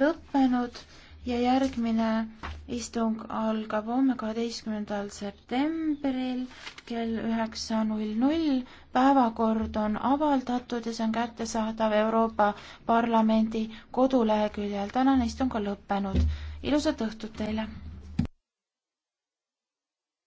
lõppenud ja järgmine istung algab homme, kaheteistkümnendal septembril kell üheksa null null. päevakord on avaldatud ja see on kättesaadav Euroopa Parlamendi koduleheküljel. tänane istung on lõppenud. ilusat õhtut teile!